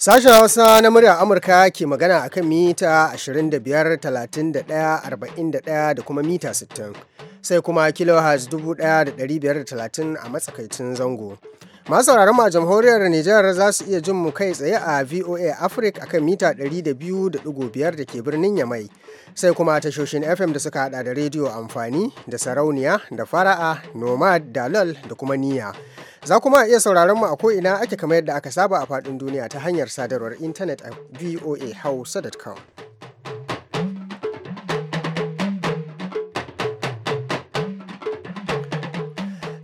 Sashen Hausa na murya Amurka ke magana a kan mita 25, 31, 41 da kuma mita 60. Sai kuma kilohertz 1530 a matsakaicin zango. Masu sauraron ma jamhuriyar Nijar za su iya jin mu kai tsaye a VOA Africa akan mita 102.5 da ke birnin Yamai. sai kuma tashoshin fm da suka hada da rediyo amfani da sarauniya da fara'a nomad dalal da kuma niya za kuma iya sauraron mu a ko'ina ake kamar yadda aka saba a faɗin duniya ta hanyar sadarwar intanet a voa hausa.com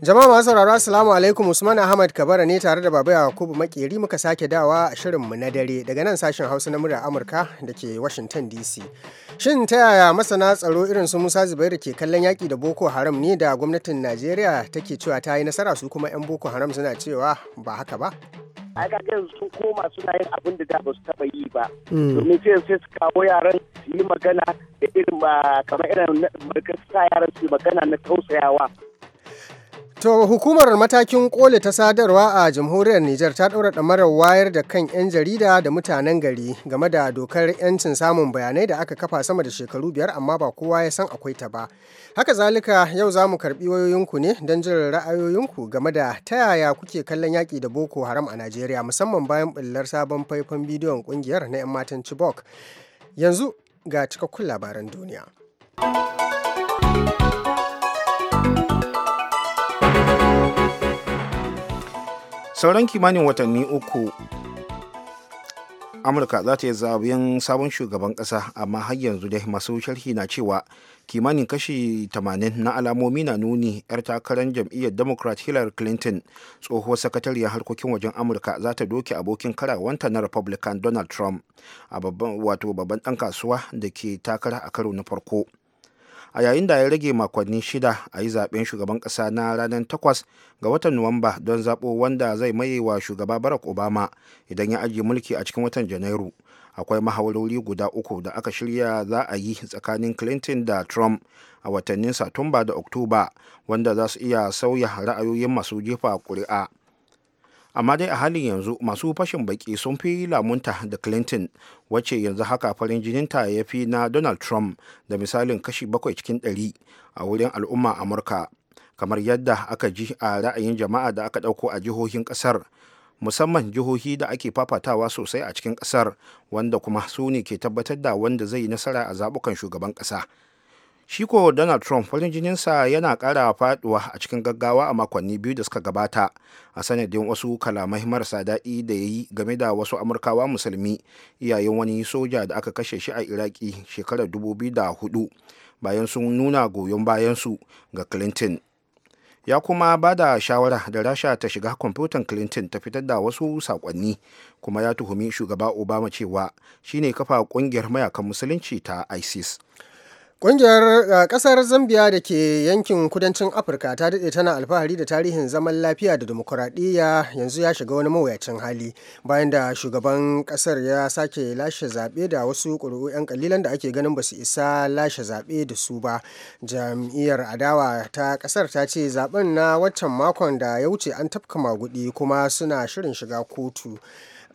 Jama'a masu sauraro Assalamu alaikum Usman Ahmad Kabara ne tare da Baba Yakubu Makeri muka sake dawa a shirin mu na dare daga nan sashen Hausa na murya Amurka da ke Washington DC. Shin ta yaya masana tsaro irin su Musa Zubairu ke kallon yaki da Boko Haram ne da gwamnatin Najeriya take cewa ta yi nasara su kuma 'yan Boko Haram suna cewa ba haka ba? aka kan sun koma suna yin abin da da ba su taba yi ba mm. domin sai sai su kawo yaran su yi magana da irin ba kamar irin sa yaran su yi magana na tausayawa To hukumar matakin kole ta sadarwa a jamhuriyar Nijar ta ɗaura ɗamarar wayar da kan 'yan jarida da mutanen gari game da dokar 'yancin samun bayanai da aka kafa sama da shekaru biyar amma ba kowa ya san akwai ta ba. Haka zalika yau za mu karɓi wayoyinku ne don jin ra'ayoyinku game da ta yaya kuke kallon yaki da Boko Haram a Najeriya musamman bayan ɓullar sabon faifan bidiyon ƙungiyar na 'yan matan Chibok. Yanzu ga cikakkun labaran duniya. sauran kimanin watanni uku amurka za ta yi zaben sabon shugaban kasa amma har yanzu dai masu sharhi na cewa kimanin kashi 80 na alamomi na nuni 'yar takarar jam'iyyar democrat hillary clinton tsohuwar sakatariyar harkokin wajen amurka za ta doke abokin karawanta na republican donald trump a babban wato babban dan kasuwa da ke takara a karo na farko a yayin da ya rage makonni shida a yi zaɓen shugaban ƙasa na ranar takwas ga watan nuwamba don zaɓo wanda zai maye wa shugaba barack obama idan ya ajiye mulki a cikin watan janairu akwai mahawarori guda uku da aka shirya za a yi tsakanin clinton da trump a watannin satumba da oktoba wanda za su iya sauya ra'ayoyin masu jefa ƙuri'a amma dai a halin yanzu masu fashin baki sun fi lamunta da clinton wacce yanzu haka farin jininta ya fi na donald trump da misalin kashi bakwai cikin ɗari a wurin al'umma amurka kamar yadda aka ji a ra'ayin jama'a da aka ɗauko a jihohin ƙasar musamman jihohi da ake fafatawa sosai a cikin ƙasar wanda kuma su ne ke tabbatar da wanda zai yi nasara a zaɓukan shugaban ƙasa. shi ko donald trump farin jininsa yana kara faduwa a cikin gaggawa a makonni biyu da suka gabata a sanadin wasu kalamai marasa daɗi da ya yi game da wasu amurkawa musulmi iyayen wani soja da aka kashe shi a iraki shekarar 2004 bayan sun nuna goyon bayansu ga clinton ya kuma ba da shawara da rasha ta shiga kwamfutan clinton ta fitar da wasu sakonni kuma ya tuhumi shugaba obama cewa shine kafa kungiyar mayakan musulunci ta isis Ƙungiyar eh, ƙasar Zambiya da ke yankin kudancin Afirka ta daɗe tana alfahari da tarihin zaman lafiya da demokuraɗiyya yanzu ya shiga wani mawuyacin hali bayan da shugaban ƙasar ya sake lashe zaɓe da wasu ƙuri'u 'yan ƙalilan da ake ganin ba su isa lashe zaɓe da su ba. Jam'iyyar adawa ta ƙasar ta ce zaɓen na waccan makon da ya wuce an tafka maguɗi kuma suna shirin shiga kotu.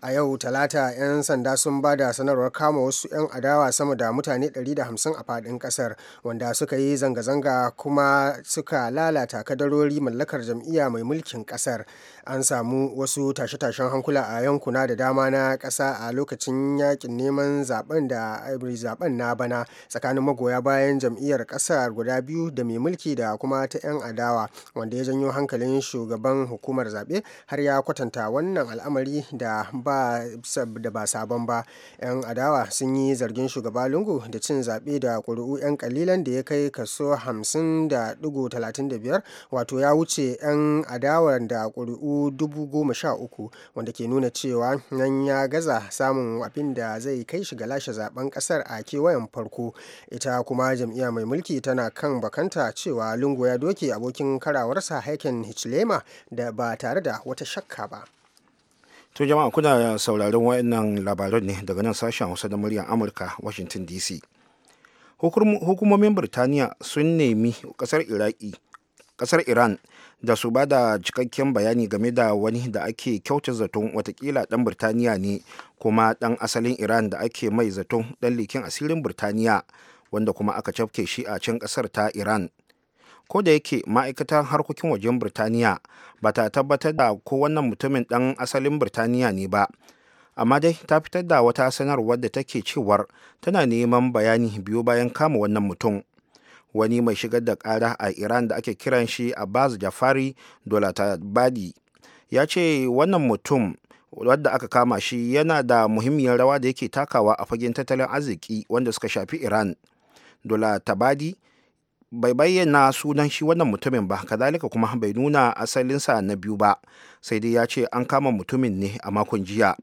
a yau talata 'yan sanda sun ba da sanarwar kama wasu 'yan adawa sama da mutane 150 a fadin kasar wanda suka yi zanga-zanga kuma suka lalata kadarori mallakar jam'iyya mai mulkin kasar an samu wasu tashe-tashen hankula a yankuna da dama na kasa a lokacin yakin neman zaben da eh, zaben na bana tsakanin magoya bayan jam'iyyar kasar guda biyu da mai mulki da kuma ta 'yan adawa wanda ya janyo hankalin shugaban hukumar zaɓe har ya kwatanta wannan al'amari da ba ba da ba sabon ba yan adawa sun yi zargin shugaba lungu da cin zaɓe da ƙuri'u 'yan kalilan da ya kai kaso 50.35 wato ya wuce 'yan adawa da ƙuri'u 13,000 wanda ke nuna cewa nan ya gaza samun abin da zai kai shi ga lashe zaben ƙasar a kewayen farko ita kuma jam'iyya mai mulki tana kan bakanta cewa lungu ya doke abokin karawarsa haiken hichilema da ba tare da wata shakka ba. To jama'a kuna sauraron wayannan labaran ne daga nan sashen Hausa da muryar Amurka Washington DC. Hukumomin Birtaniya sun nemi kasar Iraki kasar Iran da su bada cikakken bayani game da wani da ake kyauta zaton watakila dan Birtaniya ne kuma dan asalin Iran da ake mai zaton dan likin asirin Birtaniya wanda kuma aka cafke shi a can kasar ta Iran. ko da yake ma'aikatan harkokin wajen birtaniya ba ta tabbatar da ko wannan mutumin dan asalin birtaniya ne ba amma dai ta fitar da wata sanarwar da take cewar tana neman bayani biyu bayan kama wannan mutum wani mai shigar da kara a iran da ake kiran shi abbas jafari dolatabadi ya ce wannan mutum wadda aka kama shi yana da muhimmiyar rawa da yake takawa a fagen tattalin arziki wanda suka shafi iran dolatabadi bai bayyana sunan shi wannan mutumin ba kazalika kuma bai nuna asalinsa na biyu ba sai dai ya ce an kama mutumin ne a makon jiya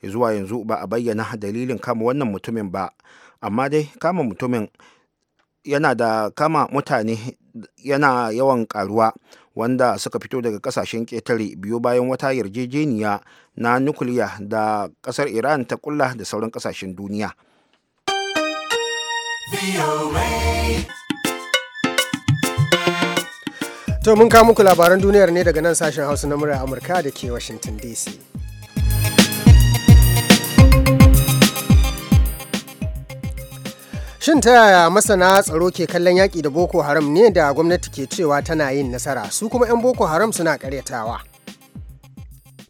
zuwa yanzu ba a bayyana dalilin kama wannan mutumin ba amma dai kama mutumin yana da kama mutane yana yawan karuwa wanda suka fito daga kasashen ƙetare biyu bayan wata yarjejeniya na nukiliya da ƙasar iran ta kulla da sauran ƙasashen duniya. To mun kawo muku labaran duniyar ne daga nan sashen Hausa na murya Amurka da ke Washington DC. Shin ta yaya masana tsaro ke kallon yaƙi da Boko Haram ne da gwamnati ke cewa tana yin nasara su kuma 'yan Boko Haram suna ƙaryatawa.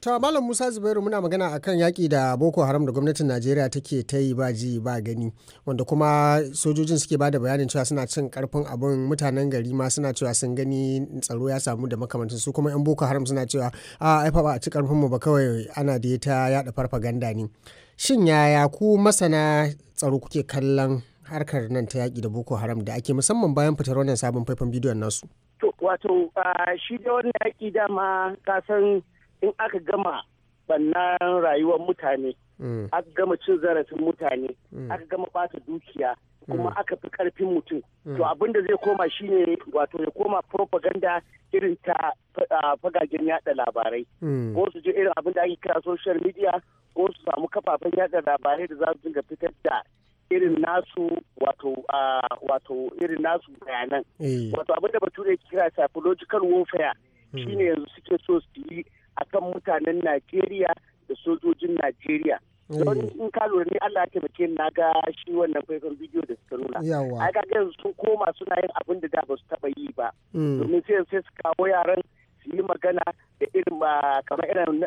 ta malam musa zubairu muna magana kan yaƙi da boko haram da gwamnatin najeriya take ta yi ba ji ba gani wanda kuma sojojin suke ba da bayanin cewa suna cin karfin abin mutanen gari ma suna cewa sun gani tsaro ya samu da makamantan su kuma yan boko haram suna cewa a aifa ba a ci karfin mu ba kawai ana da ta yada ganda ne shin yaya ku masana tsaro kuke kallon harkar nan ta yaƙi da boko haram da ake musamman bayan fitar wannan sabon faifan bidiyon nasu wato shi da wani yaƙi dama kasan in aka gama bannan rayuwar mutane mm. aka gama cin zarafin mutane mm. aka gama ɓata dukiya kuma mm. aka fi karfin mutum to abin zai koma shine wato ya koma propaganda irin ta fagagen yada labarai ko su je irin abin ake kira social media ko su samu kafafen yada labarai da za su dinga fitar da irin nasu wato wato irin nasu bayanan eh. wato abinda da bature kira psychological warfare shine yanzu suke so su yi akan mutanen Najeriya da sojojin Najeriya. Oh. Don in ka lura ni Allah ya taimake na ga shi wannan faifan bidiyo da suka nuna. Ai ga sun koma suna yin abin da da ba su taba yi ba. Mm. Domin sai sai su kawo yaran su yi magana da irin ba kamar irin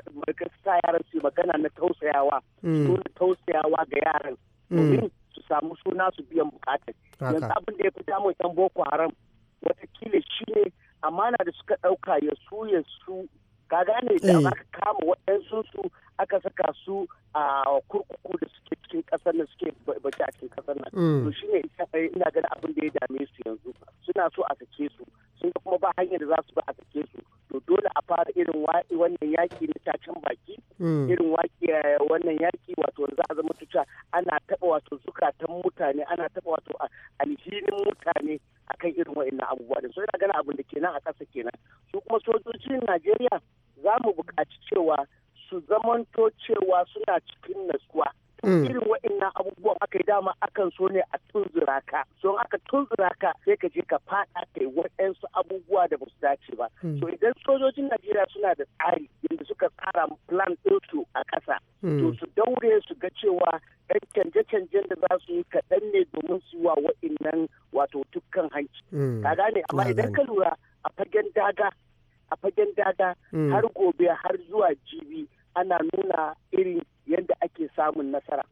sa yaran su yi magana na tausayawa. Mm. Su tausayawa ga yaran. Mm. Domin su samu suna su biyan bukatar. Yanzu abin da ya fi damun yan Boko Haram watakila shi ne amana da suka ɗauka ya su ya su ka gane da eh. aka kama waɗansu su aka saka su a kurkuku da suke cikin ƙasar nan suke baki a cikin ƙasar nan mm. to shine ina ganin abin da ya dame su yanzu suna so a sake su sun kuma ba hanyar da za su ba a sake su to dole a fara irin wannan yaki na cacen baki mm. irin eh, wannan yaki wato za a zama tuta ana taɓa wato zukatan mutane ana taɓa wato alhinin mutane akan irin wa'annan abubuwa da so ina ganin abin da kenan a ƙasa kenan su kuma sojojin Najeriya za mu buƙaci cewa su zamanto cewa suna cikin natsuwa. Mm. irin waɗannan abubuwan aka yi dama akan so ne a tunzura ka so aka tunzura ka sai ka je ka faɗa ka yi waɗansu abubuwa da ba su dace ba mm. so idan sojojin najeriya suna da tsari yadda suka tsara plan ɗinsu a ƙasa mm. to su daure su ga cewa ɗan canje-canjen da za su yi kaɗan ne domin su wa waɗannan wato dukkan hanci ka gane amma idan ka lura a fagen daga a fagen dada mm. har gobe har zuwa jibi ana nuna irin yadda ake samun nasara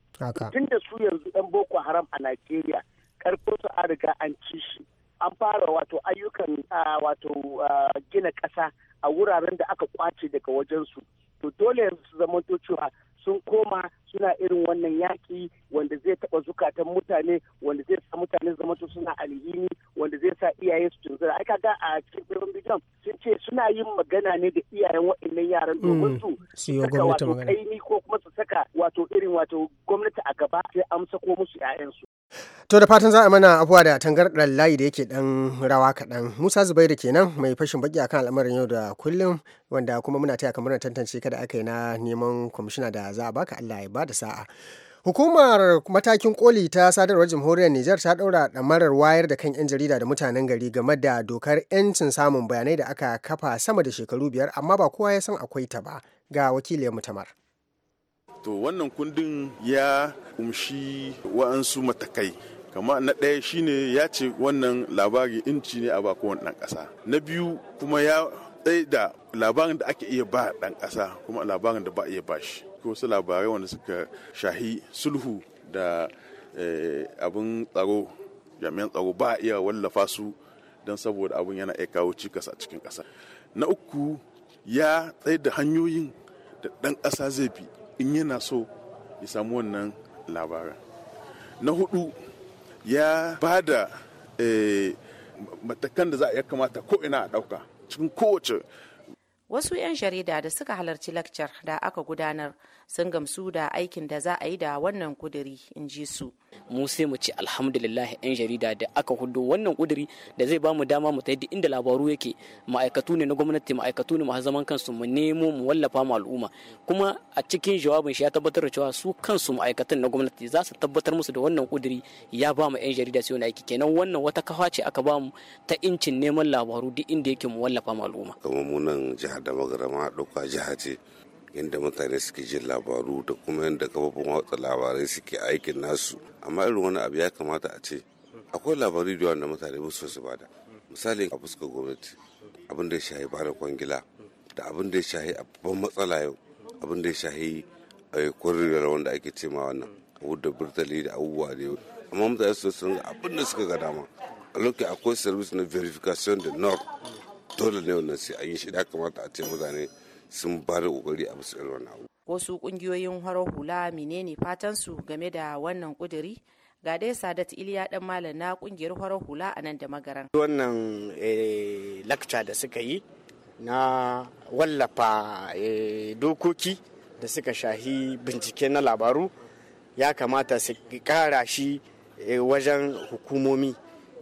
tun da su yanzu 'yan boko haram a najeriya su an riga an ci shi an fara wato ayyukan wato gina ƙasa a wuraren da aka kwace daga wajensu to dole yanzu su zamanto cewa sun koma suna irin wannan yaƙi wanda zai taɓa zukatan mutane wanda zai sa mutane zama suna alhini wanda zai sa iyaye su tunzura ai kaga a cikin birnin bijan ce suna yin magana ne da iyayen waɗannan yaran mm, domin su saka wato kaimi ko kuma su saka wato irin wato gwamnati a gaba sai amsa ko musu 'ya'yansu. To da fatan za a mana abuwa da tangardar layi da yake ɗan rawa kaɗan. Musa Zubairu kenan mai fashin baki akan al'amarin yau da kullum wanda kuma muna taya kamar tantance kada aka yi na neman kwamishina da za a baka Allah ya bada sa'a. Hukumar matakin koli ta sadarwar jamhuriyar Nijar ta ɗaura ɗamarar wayar da kan 'yan jarida da mutanen gari game da dokar 'yancin samun bayanai da aka kafa sama da shekaru biyar amma ba kowa ya san akwai ta ba ga wakiliyar mutamar. To wannan kundin ya umshi wa'ansu matakai kama na ɗaya shine ya ce wannan labari inci ne a bakon ɗan ƙasa na biyu kuma ya tsaye da labarin da ake iya ba ɗan ƙasa kuma labarin da ba iya ba shi ko su labarai wanda suka shahi sulhu da eh, abin tsaro jami'an tsaro ba a iya wallafa su don saboda abin yana iya kawo cikas a cikin ƙasa na uku ya tsaye da hanyoyin da ɗan ƙasa zai bi in yana so ya samu wannan labaran na hudu ya ba da eh, matakan da za a ya kamata ko ina a ɗauka cikin kowace wasu 'yan jarida da suka halarci lakcar da aka gudanar sun gamsu da aikin da za a yi da wannan kuduri in ji su mu sai mu ce alhamdulillah yan jarida da aka hudo wannan kuduri da zai ba mu dama mu tafi inda labaru yake ma'aikatu ne na gwamnati ma'aikatu ne masu zaman kansu mu nemo mu wallafa mu al'umma kuma a cikin jawabin shi ya tabbatar da cewa su kansu ma'aikatan na gwamnati za su tabbatar musu da wannan kuduri ya ba mu yan jarida su aiki kenan wannan wata kafa ce aka ba mu ta incin neman labaru duk inda yake mu wallafa mu al'umma kamar mu nan jihar da magarama ɗauka jiha ce yadda mutane suke jin labaru da kuma yadda kafofin watsa labarai suke aikin nasu amma irin wani abu ya kamata a ce akwai labaru da wanda mutane ba su da. misali a fuskar gwamnati abin da ya shahi bada kwangila da abin da ya shahi a babban matsala yau abin da ya shahi a eh, da wanda ake ce ma wannan da burtali da abubuwa da yau amma mutane su sun abin da suka ga dama a lokacin akwai service na verification da nord dole ne wannan sai an yi shi da kamata a ce mutane sun ba da kokari a bisa irin abu wasu kungiyoyin harar hula menene fatan su game da wannan kuduri ga dai sadat iliya dan malam na kungiyar harar hula a nan da magaran wannan eh, lakca da suka yi na wallafa eh, dokoki da suka shahi bincike na labaru ya kamata su kara shi eh, wajen hukumomi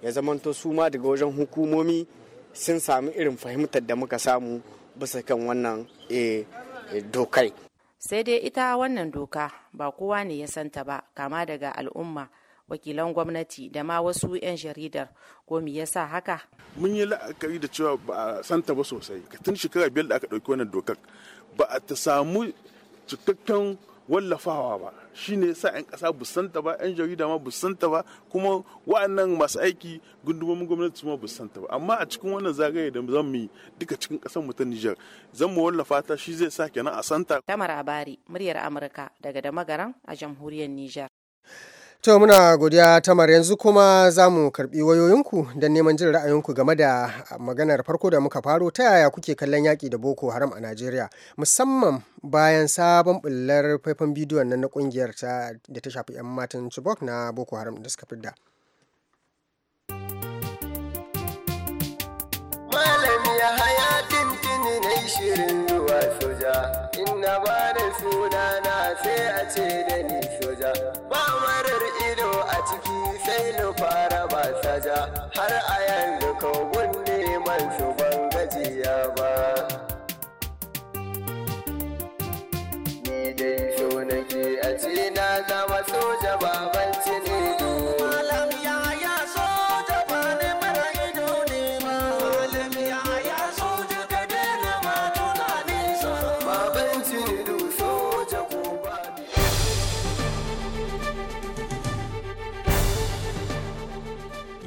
ya zamanto su ma daga wajen hukumomi sun sami irin fahimtar da muka samu bisa kan wannan eh, eh, dokai. Sai dai ita wannan doka ba kowa ne ya santa ba kama daga al'umma wakilan gwamnati da ma wasu 'yan jaridar ko me sa haka? Mun yi la'akari da cewa ba a santa ba sosai. Tun shekara biyar da aka ɗauki wannan dokar ba a ta samu cikakken wallafawa ba shi ne sa 'yan kasa busanta ba 'yan jarida ma busanta ba kuma wa'annan masu aiki gundumomin gwamnati su ma busanta ba amma a cikin wannan zagaye da zan mu duka cikin kasar mutan ta Nijar zan mu wallafa ta shi zai sa kenan a santa tamara bari muryar Amurka daga Damagaran a jamhuriyar Nijar To muna godiya tamar yanzu kuma za mu karbi wayoyinku don neman jin ra'ayinku game da maganar farko da muka faro ta yaya kuke kallon yaƙi da Boko Haram a Najeriya musamman bayan sabon bullar faifan bidiyon nan na kungiyar ta da ta shafi 'yan matan Chibok na Boko Haram da suka fidda. Malam ya haya tintini na shirin ruwa soja, inna ba da sunana sai a ce da ni soja. Hussainu fara ba ja har a yanzu kogo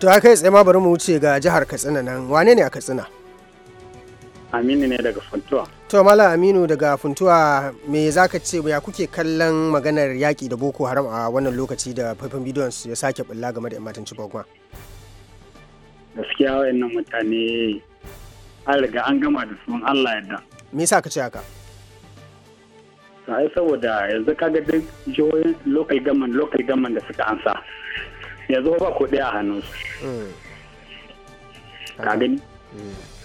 to a kai tsema bari mu wuce ga jihar katsina nan wane ne a katsina aminu ne daga funtuwa to mala aminu daga funtuwa me za ka ce ya kuke kallon maganar yaƙi da boko haram a wannan lokaci da faifan bidiyon su ya sake bulla game da 'yan matan cibagwa gaskiya wayannan mutane an riga an gama da sun allah yadda me yasa ka ce haka sai saboda yanzu kaga duk jihohin local government local government da suka ansa yanzu ba kuɗi a hannunsu hmm. ka gani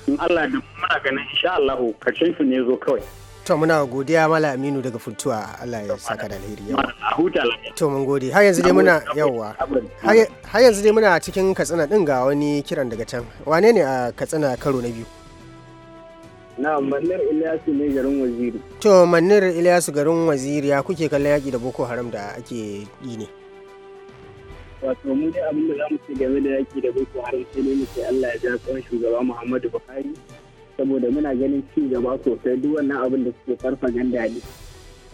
in Allah da muna ganin insha Allah karshen su ne zo kawai to muna godiya mala aminu daga futuwa Allah ya saka da alheri yau to mun gode har yanzu dai muna yauwa har yanzu dai muna cikin katsina din ga wani kiran daga can wane ne a katsina karo na biyu na mannir ilyasu ne garin waziri to mannir ilyasu garin waziri ya kuke kallon yaki da boko haram da ake yi ne wato mu dai abin da za mu ce game da yaki da boko haram sai ne muke Allah ya ja tsawon shugaba Muhammadu Buhari saboda muna ganin ci gaba sosai duk wannan abin da suke farfa ganda ne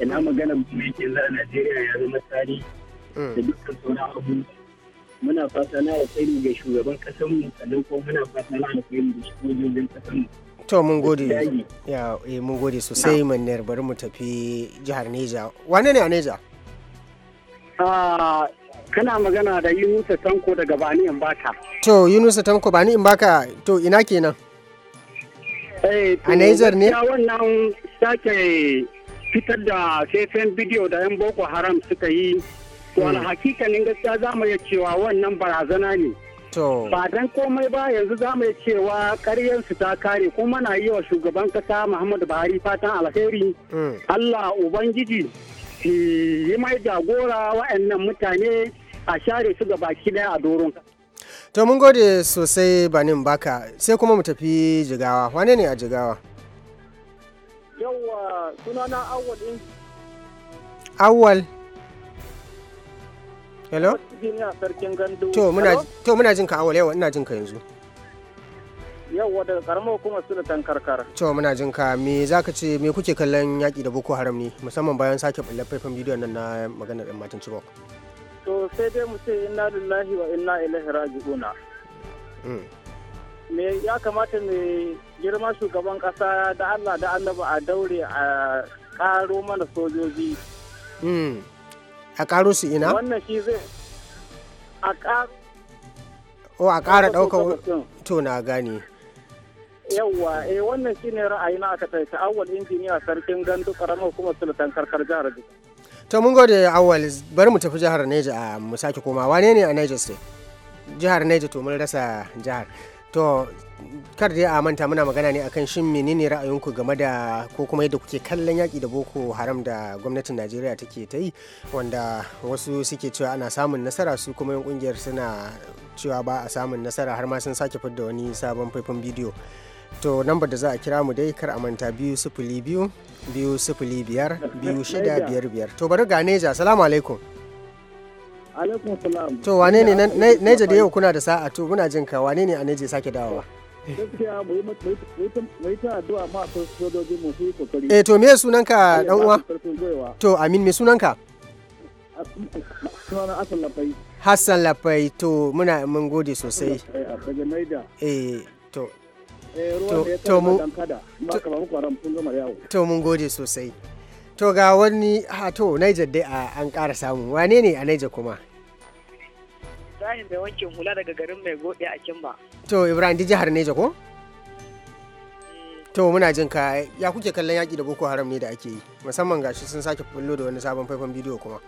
ina magana mai ke za Najeriya ya zama tarihi da hmm. dukkan sauran abubuwa muna fata na alkhairi ga shugaban kasar mu sannan kuma muna fata na alkhairi ga sojojin kasar mu to mun gode ya eh mun gode sosai manner bari mu tafi jihar Neja wane ne a Neja ah kana magana da yunusa tanko daga bani in baka to yunusa tanko bani in baka to ina kenan eh, a niger ne ya wannan sake fitar da fefen bidiyo da yan boko haram suka yi wani hmm. hakikanin gaskiya za mu iya cewa wannan barazana ne ba dan komai ba yanzu za mu iya cewa karyarsu ta kare kuma na yi wa shugaban kasa muhammadu buhari fatan alheri hmm. allah ubangiji yi mai jagora wa'annan mutane a share su ga baki daya a doron to mun gode sosai banin baka sai kuma mu tafi jigawa wane ne a jigawa yawa sunana awal din awal hello to muna jin ka awal yawa ina jin ka yanzu yau daga karamar hukumar su da tankarkar. To muna jin ka me za ka ce me kuke kallon yaƙi da Boko Haram ne musamman bayan sake ɓullar faifan bidiyon nan na maganar 'yan matan Chibok. To sai dai mu ce inna lillahi wa inna ilaihi raji'una. Hmm. Me ya kamata me girma shugaban ƙasa da Allah da Annaba a daure a ƙaro mana sojoji. Hmm. A ƙaro su ina? Wannan shi zai a ƙaro. O oh, a ƙara ɗaukar to na gane. yawwa eh wannan shine ra'ayi na aka tsaye awwal injiniya sarkin gandu karamar kuma sultan karkar jihar to mun gode awwal bari mu tafi jihar Neja mu sake koma wane ne a Niger state jihar Neja to mun rasa jihar to kar dai a manta muna magana ne akan shin menene ra'ayinku game da ko kuma yadda kuke kallon yaki da boko haram da gwamnatin najeriya take ta yi wanda wasu suke cewa ana samun nasara su kuma yan kungiyar suna cewa ba a samun nasara har ma sun sake fidda wani sabon faifan bidiyo to lambar da za a kira mu dai kar a manta biyu sifili biyu biyu sifili biyar biyu shida biyar biyar to bari ga neja salamu alaikum alaikum salam to wane ne neja da yau kuna da sa'a to muna jin ka wane ne a neja sake dawowa gaskiya mai ta addu'a ma sojoji mu su kokari eh to me sunan ka dan uwa to amin me sunan ka Hassan Lafai to muna mun gode sosai. Eh Eh, to mun gode sosai to ga wani hato Niger dai an ƙara samu wane ne a Niger kuma Ibrahim a Kimba to Ibrahim di jihar Niger ko eh. to muna jin ka ya kuke kallon yaki da Boko Haram ne da ake yi musamman gashi sun sake fullo da wani sabon faifan bidiyo kuma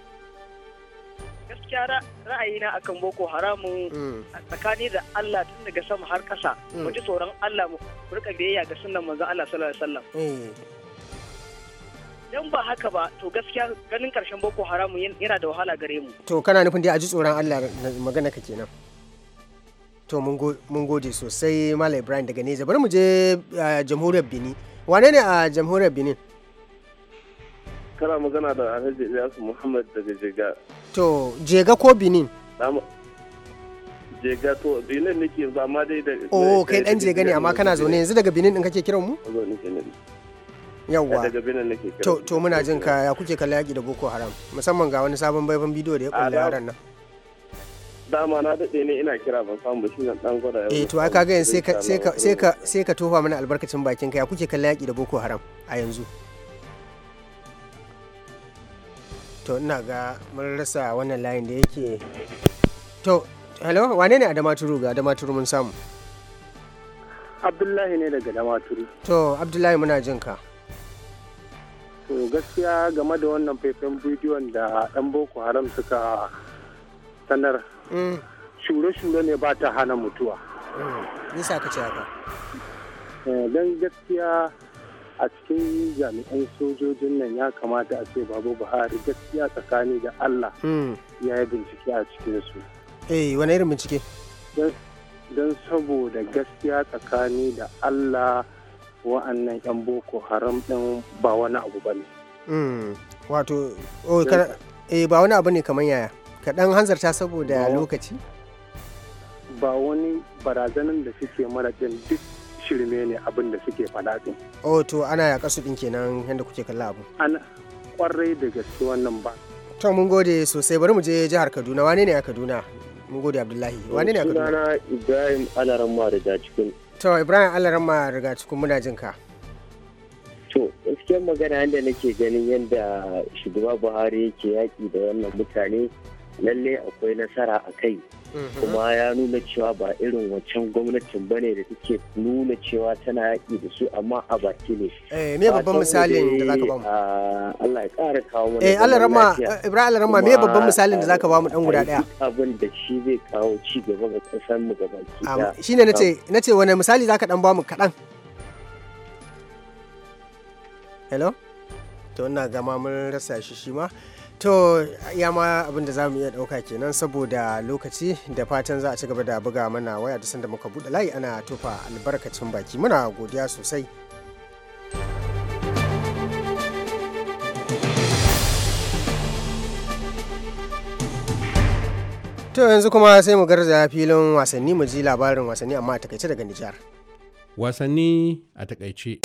gaskiya ra'ayina akan boko haramun mm. tsakani da Allah tun daga sama har kasa mm. mu ji tsoron Allah mu rika biyayya ga sunan manzo Allah sallallahu alaihi wasallam eh. dan ba haka ba to gaskiya ganin karshen boko haramun yana da wahala gare mu to kana nufin dai a ji tsoron Allah magana ka kenan to mun gode sosai malam ibrahim daga neza bari mu je eh, jamhuriyar benin wane ne a jamhuriyar benin kana magana da alhaji ilyasu muhammad daga jega to jega ko benin jega to benin nake yanzu amma dai da oh kai dan jega ne amma kana zaune yanzu daga benin din kake kiran mu yawwa daga benin nake to to muna jin ka ya kuke kalla yaki da boko haram musamman ga wani sabon baifan bidiyo da ya kulle yaran nan dama na daɗe ne ina kira ban samu ba shine dan gwada yau eh to ai kaga yanzu sai ka sai ka sai ka tofa mana albarkacin bakin ka ya kuke kalla yaki da boko haram a yanzu to ina ga mun rasa wannan layin da yake to hello wane ne adama turu ga adama turu mun samu abdullahi ne daga adama turu to abdullahi muna jin ka to gaskiya game da wannan faifan bidiyon da dan boko haram suka sanar mm. shure-shure ne ba ta hana mutuwa nisa mm. ka ce haka eh, don gaskiya a cikin jami'an sojojin nan ya kamata a ce babu buhari gaskiya tsakani da allah hmm. ya yi bincike a cikinsu eh wani irin bincike don saboda gaskiya tsakani da allah wa'annan 'yan boko haram ɗin ba wani abu ba ne hmm. wato eh ba wani abu ne kamar yaya kaɗan hanzarta saboda lokaci ba wani barazanin da suke mara ɗin duk shirme ne abin da suke faɗa din. Oh to ana ya kasu din kenan yadda kuke kalla abu. Ana kwarai da gaske wannan ba. To mun gode sosai bari mu je jihar Kaduna wane ne a Kaduna? Mun gode Abdullahi wane ne a Kaduna? Sunana Ibrahim Alaramma daga cikin. To Ibrahim Alaramma daga cikin muna jin ka. To gaskiyar magana yadda nake ganin yadda shugaba Buhari yake yaƙi da wannan mutane lalle akwai nasara a kai mhm. kuma ya nuna cewa ba irin wancan gwamnatin ba ne da take nuna cewa tana yaƙi da su amma a baki ne. Eh, me babban misalin da zaka ba mu? Ah, Allah ya ƙara kawo mana. Eh, Allah rama eh, Ibrahim Allah rama me babban misalin da zaka ba mu dan guda daya? Abin da shi zai kawo ci gaba ga kasar mu gaba ki daya. Shine nace nace wani misali zaka dan ba mu kaɗan? Hello? To ina gama mun rasa shi shi ma. To ya ma abin da za mu iya ɗauka kenan saboda lokaci da fatan za a ci gaba da buga mana waya da sanda muka buɗe layi ana tofa albarkacin baki muna godiya sosai. To yanzu kuma sai mu garza filin wasanni mu ji labarin wasanni amma a takaice daga Nijar. Wasanni a takaice.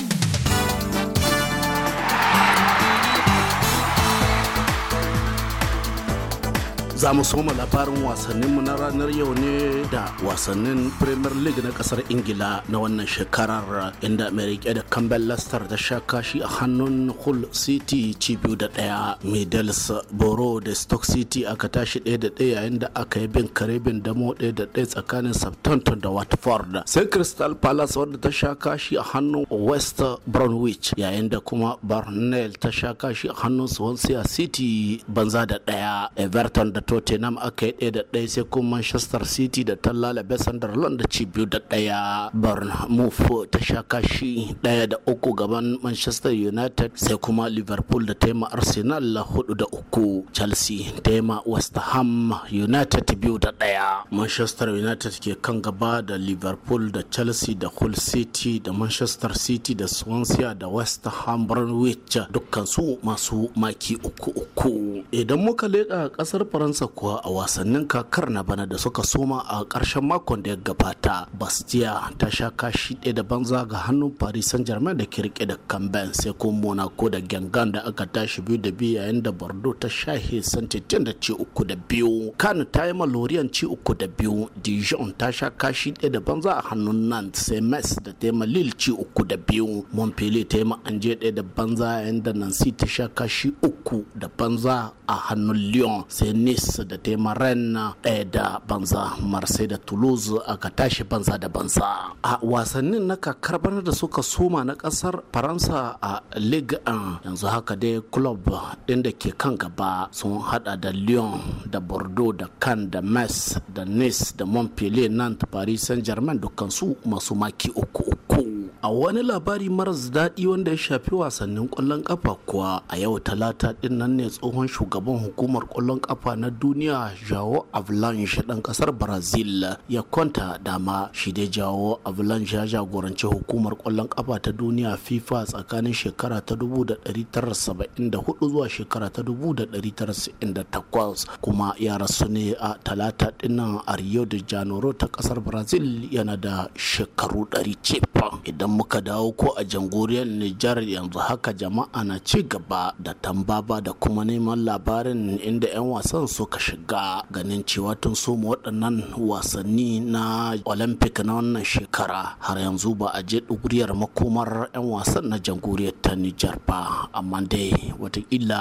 za mu soma labarin wasanninmu na ranar yau ne da wasannin premier league na kasar ingila na wannan shekarar inda mai rike da campbell lastar ta sha kashi a hannun hull city ci biyu da daya middles boro da stoke city aka tashi daya da daya yayin da aka yi bin karebin damo daya da daya tsakanin southampton da watford sai crystal palace wadda ta sha kashi a hannun west bromwich yayin da kuma barnell ta sha kashi a hannun swansea city banza da daya everton da tottenham aka yi ɗaya da ɗaya sai kuma manchester city da tallala bai sunderland da ci biyu da ɗaya bournemouth ta sha kashi ɗaya da uku gaban manchester united sai kuma liverpool da taima Arsenal la hudu da uku chelsea ta west ham united biyu da ɗaya manchester united ke kan gaba da liverpool da chelsea da hull city da manchester city da swansea da west ham brunwich dukkan su masu maki uku uku idan muka leda ƙasar faransa Faransa kuwa a wasannin kakar na bana da suka soma a ƙarshen makon da ya gabata. Bastia ta sha kashi ɗaya da banza ga hannun Paris Saint-Germain da kirke da Kamben sai ko Monaco da Gengan da aka tashi biyu da biyu yayin da Bordeaux ta sha Saint-Étienne da ci uku da biyu. Kano ta yi Lorient ci uku da biyu. Dijon ta sha kashi ɗaya da banza a hannun nan sai Metz da ta yi Lille ci uku da biyu. Montpellier ta yi ma Anje ɗaya da banza yayin da Nancy ta sha kashi uku da banza a hannun Lyon sai Nice Rennes da taimaren Rennes ɗaya da banza Marseille da Toulouse aka tashi banza da banza. A wasannin na kakar da suka suma na ƙasar Faransa a Ligue 1 yanzu haka dai club ɗin da ke kan gaba sun hada da Lyon da Bordeaux da Cannes da Metz da Nice da Montpellier Nantes Paris Saint-Germain dukkansu masu maki uku uku. a wani labari maras daɗi wanda ya shafi wasannin ƙwallon ƙafa kuwa a yau talata ɗin nan ne tsohon shugaban hukumar ƙwallon ƙafa na duniya jawo avalanche ɗan ƙasar brazil ya kwanta dama shi dai jawo avalanche ya jagoranci hukumar ƙwallon ƙafa ta duniya fifa tsakanin shekara ta 1974 zuwa shekara ta 1998 kuma ya rasu ne a talata ɗin nan a rio de janeiro ta ƙasar brazil yana da shekaru 100 idan muka dawo ko a jamhuriyar Nijar yanzu haka jama'a na ci gaba da tambaba da kuma neman labarin inda 'yan wasan suka shiga ganin cewa tun soma waɗannan wasanni na Olympic na wannan shekara har yanzu ba a je ɗuguriyar makomar 'yan wasan na jamhuriyar ta Nijar ba amma dai watakila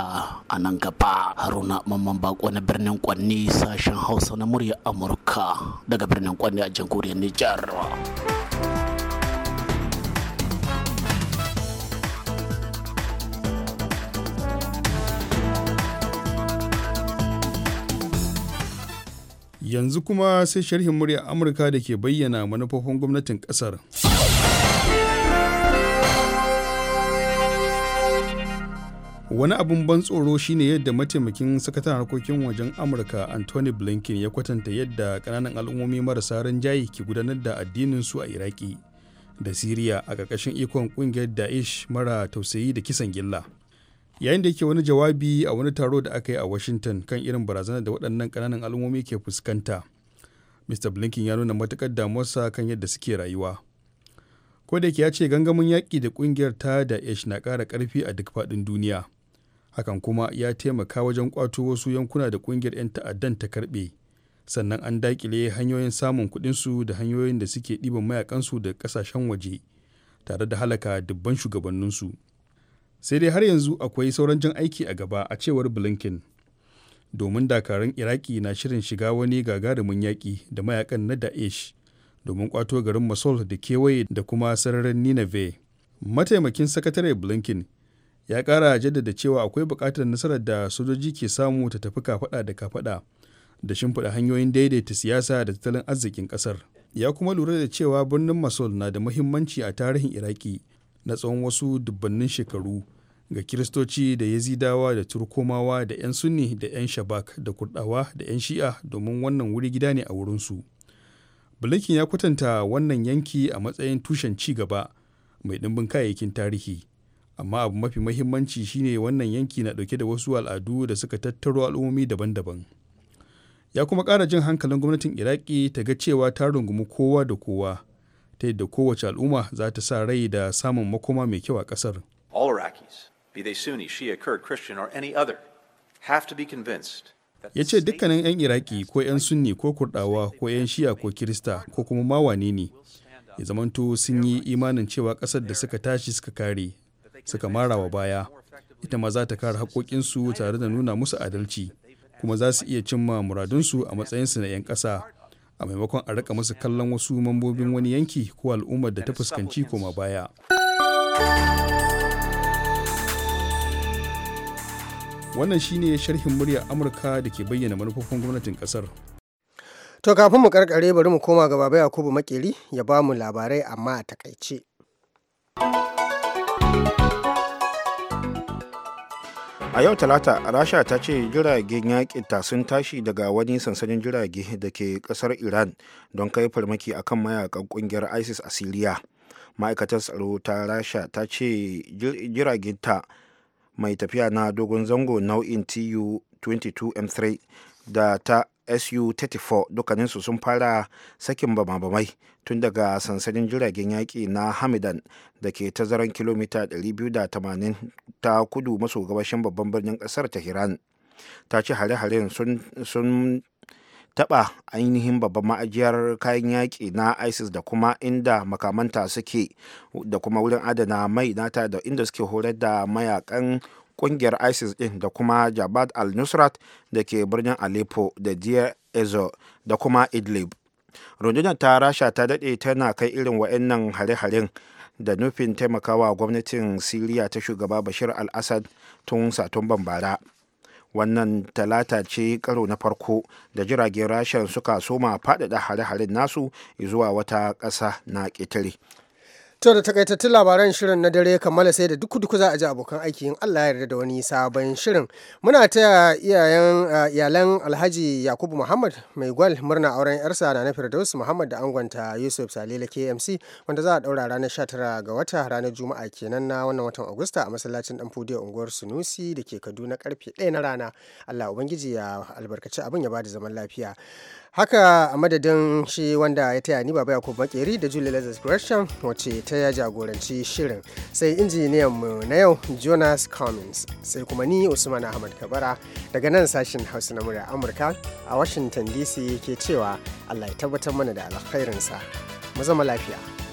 a nan gaba haruna mamman bako na birnin kwanni sashen hausa na murya amurka daga birnin kwanni a jamhuriyar Nijar. yanzu kuma sai sharhin murya amurka da ke bayyana manufofin gwamnatin kasar wani abin ban tsoro shine yadda mataimakin sakataren harkokin wajen amurka anthony blinken ya kwatanta yadda kananan al'ummomi marasa rinjaye ke gudanar da addinin su a iraki da siriya a ƙarƙashin ikon ƙungiyar daesh mara tausayi da kisan gilla yayin da yake wani jawabi a wani taro da aka yi a washington kan irin barazanar da waɗannan ƙananan al'ummomi ke fuskanta mr blinken ya nuna matuƙar damuwarsa kan yadda suke rayuwa ko da ya ce gangamin yaƙi da ƙungiyar ta da ish na ƙara ƙarfi a duk faɗin duniya hakan kuma ya taimaka wajen ƙwato wasu yankuna da ƙungiyar 'yan ta'addan ta karɓe sannan an daƙile hanyoyin samun kuɗinsu da hanyoyin da suke ɗiban mayakansu da ƙasashen waje tare da halaka dubban shugabanninsu. sai dai har yanzu akwai sauran jan aiki a gaba a cewar blinken domin dakarun iraki na shirin shiga wani gagarumin yaƙi da mayakan na daesh domin kwato garin mosul da kewaye da kuma sararin ninave mataimakin sakatare blinken ya ƙara jaddada cewa akwai bukatar nasarar da sojoji ke samu ta tafi kafaɗa da kafaɗa da shimfiɗa hanyoyin daidaita siyasa da tattalin arzikin ƙasar ya kuma lura da cewa birnin mosul na da muhimmanci a tarihin iraki na tsawon wasu dubbannin shekaru ga kiristoci da yazidawa da turkomawa da 'yan sunni da 'yan shabak da kurdawa da 'yan shi'a domin wannan wuri gida ne a wurinsu blakin ya kwatanta wannan yanki a matsayin tushen ci gaba mai ɗimbin kayayyakin tarihi amma abu mafi mahimmanci shine wannan yanki na ɗauke da wasu al'adu da suka tattaro al'ummomi daban-daban ya kuma ƙara jin hankalin gwamnatin iraki ta ga cewa ta rungumi kowa da kowa ta yadda kowace al'umma za ta sa rai da samun makoma mai kyau a ƙasar. All Iraqis, be they Sunni, Shia, Kurd, Christian or any be convinced ya ce dukkanin 'yan iraki ko 'yan sunni ko kurdawa ko 'yan shi'a ko kirista ko kuma mawane ne ya zamanto sun yi imanin cewa ƙasar da suka tashi suka kare suka mara wa baya ita ma za ta kare haƙoƙinsu tare da nuna musu adalci kuma za su iya cimma muradunsu a matsayinsu na 'yan ƙasa a maimakon a rika masa kallon wasu mambobin wani yanki ko al'ummar da ta fuskanci koma baya wannan shine sharhin muryar amurka da ke bayyana manufofin gwamnatin kasar to kafin mu karkare bari mu koma ga baba yakubu makeri ya ba mu labarai amma a takaice a yau talata rasha ta ce jiragen yakinta sun tashi daga wani sansanin jirage da ke kasar iran don kai farmaki akan mayakan kungiyar isis a siriya ma'aikatar tsaro ta rasha ta ce jiragenta mai tafiya na dogon zango nau'in tu 22m3 da ta su-34 dukkaninsu sun fara sakin bama-bamai tun daga sansanin jiragen yaƙi na hamidan da ke tazaran kilomita 280 ta kudu maso gabashin babban birnin ƙasar tehran ta ce hare-haren sun taɓa ainihin babban ma'ajiyar kayan yaƙi na isis da kuma inda makamanta suke da kuma wurin adana mai nata da inda suke horar da mayakan kungiyar isis din da kuma jabhat al-nusrat da ke birnin aleppo da diyar ezo da kuma idlib rundunar ta rasha ta dade tana kai irin wa'annan hare-haren da nufin taimakawa gwamnatin siriya ta shugaba bashir al-assad tun satumban bara wannan talata ce karo na farko da jiragen rasha suka soma faɗaɗa hare-haren nasu zuwa wata ƙasa na ƙetare To da takaitattun labaran shirin na dare kammala sai da duk duku za a ji abokan aiki in Allah yarda da wani sabon shirin. Muna ta iyayen iyalan Alhaji Yakubu Muhammad mai gwal murna auren yarsa na na Firdaus Muhammad da angonta Yusuf Salila KMC wanda za a daura ranar 19 ga wata ranar Juma'a kenan na wannan watan Agusta a masallacin dan Fudiya unguwar Sunusi da ke Kaduna karfe 1 na rana. Allah ubangiji ya albarkaci abin ya bada zaman lafiya. haka a madadin shi wanda ya taya ni baba yakub makeri da julie lazarus gresham wacce ta ya jagoranci shirin sai injiniyan mu na yau jonas commons sai kuma ni usman ahmad kabara daga nan sashen hausa na murya amurka a washington dc ke cewa allah ya tabbatar mana da alkhairinsa mu zama lafiya